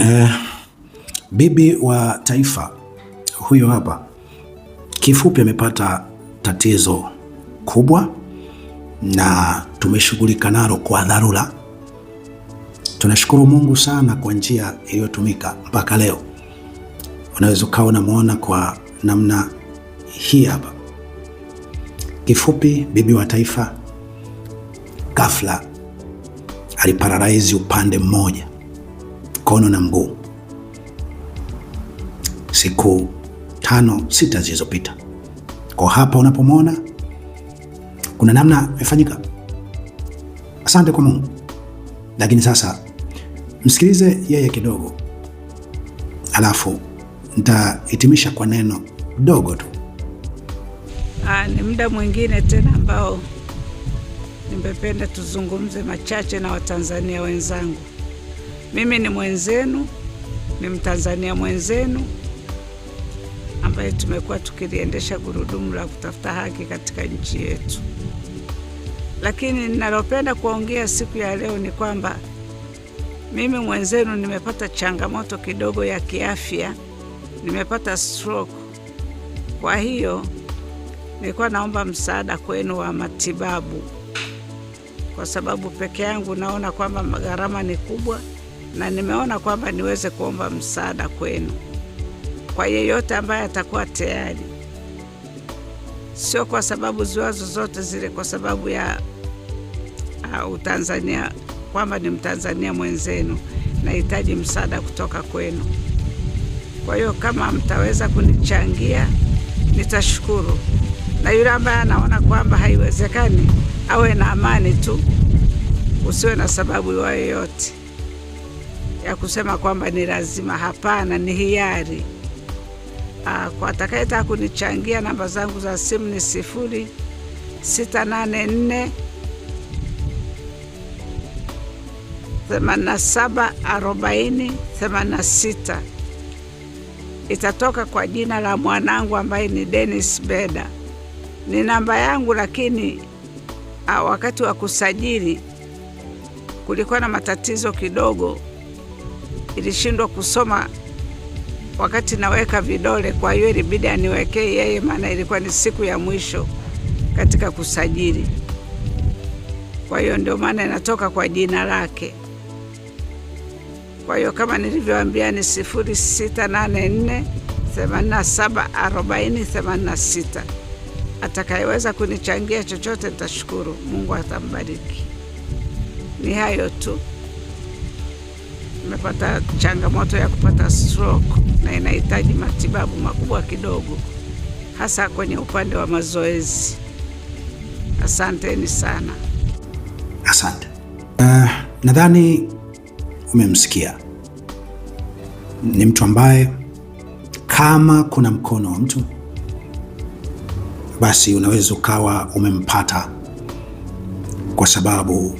Eh, bibi wa taifa huyo hapa kifupi amepata tatizo kubwa na tumeshughulika nalo kwa dharura. Tunashukuru Mungu sana kwa njia iliyotumika mpaka leo. Unaweza ukawa unamwona kwa namna hii hapa. Kifupi, bibi wa taifa ghafla aliparalaizi upande mmoja mkono na mguu. Siku tano sita zilizopita, kwa hapa unapomwona kuna namna imefanyika. Asante kwa Mungu, lakini sasa msikilize yeye kidogo, alafu nitahitimisha kwa neno dogo tu. Ah, ni muda mwingine tena ambao nimependa tuzungumze machache na Watanzania wenzangu. Mimi ni mwenzenu, ni Mtanzania mwenzenu ambaye tumekuwa tukiliendesha gurudumu la kutafuta haki katika nchi yetu. Lakini ninalopenda kuongea siku ya leo ni kwamba mimi mwenzenu nimepata changamoto kidogo ya kiafya, nimepata stroke. Kwa hiyo nilikuwa naomba msaada kwenu wa matibabu, kwa sababu peke yangu naona kwamba gharama ni kubwa na nimeona kwamba niweze kuomba msaada kwenu kwa yeyote ambaye atakuwa tayari, sio kwa sababu ziwazo zote zile, kwa sababu ya uh, Utanzania, kwamba ni Mtanzania mwenzenu, nahitaji msaada kutoka kwenu. Kwa hiyo kama mtaweza kunichangia nitashukuru, na yule ambaye anaona kwamba haiwezekani awe na amani tu, usiwe na sababu yoyote ya kusema kwamba ni lazima. Hapana, ni hiari. Ah, kwa atakayetaka kunichangia, namba zangu za simu ni sifuri sita nane nne themanini na saba arobaini themanini na sita itatoka kwa jina la mwanangu ambaye ni Dennis Beda. Ni namba yangu, lakini ah, wakati wa kusajili kulikuwa na matatizo kidogo ilishindwa kusoma wakati naweka vidole, kwa hiyo ilibidi aniwekee yeye, maana ilikuwa ni siku ya mwisho katika kusajili. Kwa hiyo ndio maana inatoka kwa jina lake. Kwa hiyo kama nilivyoambia ni 0684 87 40 86. Atakayeweza kunichangia chochote nitashukuru. Mungu atambariki. Ni hayo tu amepata changamoto ya kupata stroke na inahitaji matibabu makubwa kidogo, hasa kwenye upande wa mazoezi. Asanteni sana. Asante. Uh, nadhani umemsikia. Ni mtu ambaye kama kuna mkono wa mtu basi unaweza ukawa umempata kwa sababu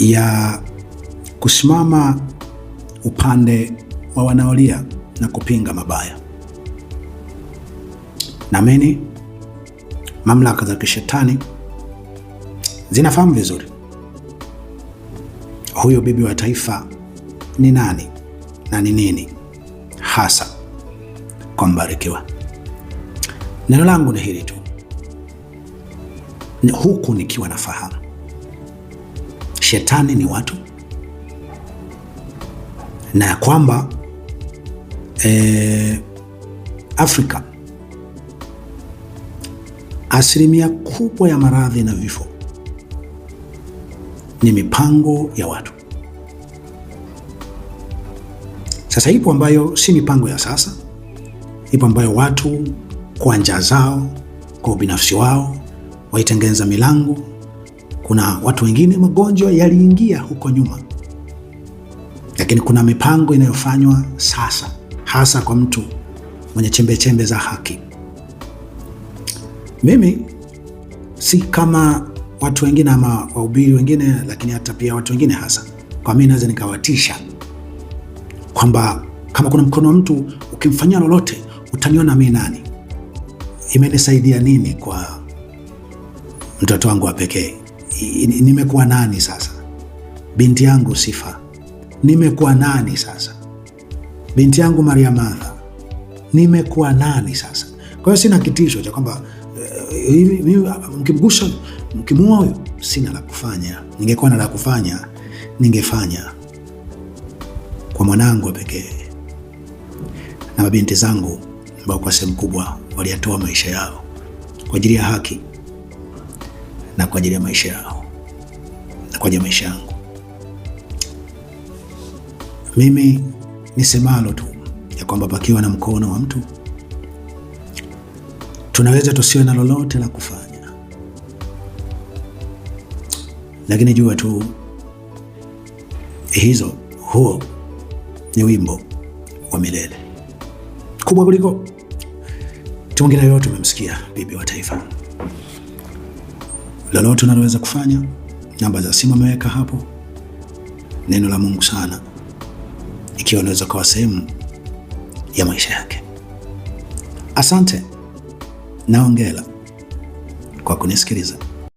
ya kusimama upande wa wanaolia na kupinga mabaya. Naamini mamlaka za kishetani zinafahamu vizuri huyo bibi wa taifa ni nani na ni nini hasa. Kwa Mbarikiwa, neno langu ni hili tu, huku nikiwa na fahamu shetani ni watu na ya kwamba eh, Afrika asilimia kubwa ya maradhi na vifo ni mipango ya watu sasa. Ipo ambayo si mipango ya sasa, ipo ambayo watu kwa njaa zao, kwa ubinafsi wao waitengeneza milango. Kuna watu wengine magonjwa yaliingia huko nyuma lakini kuna mipango inayofanywa sasa, hasa kwa mtu mwenye chembe chembe za haki. Mimi si kama watu wengine ama wahubiri wengine, lakini hata pia watu wengine, hasa kwa mimi, naweza nikawatisha kwamba kama kuna mkono wa mtu ukimfanyia lolote utaniona mimi nani. Imenisaidia nini kwa mtoto wangu wa pekee? Nimekuwa nani sasa? Binti yangu Sifa nimekuwa nani sasa? Binti yangu Maria Martha, nimekuwa nani sasa? Kwa hiyo sina kitisho cha kwamba eh, mkimgusha, mkimua huyo, sina la kufanya. Ningekuwa na la kufanya, ningefanya kwa mwanangu pekee, na mabinti zangu ambao kwa sehemu kubwa waliyatoa maisha yao kwa ajili ya haki na kwa ajili ya maisha yao na kwa ajili ya maisha yangu. Mimi nisemalo tu ya kwamba pakiwa na mkono wa mtu tunaweza tusiwe na lolote la kufanya, lakini jua tu hizo, huo ni wimbo wa milele kubwa kuliko tungine yote. Umemsikia bibi wa taifa. Lolote unaloweza kufanya, namba za simu ameweka hapo. Neno la Mungu sana ikiwa unaweza kuwa sehemu ya maisha yake. Asante na kwa kunisikiliza.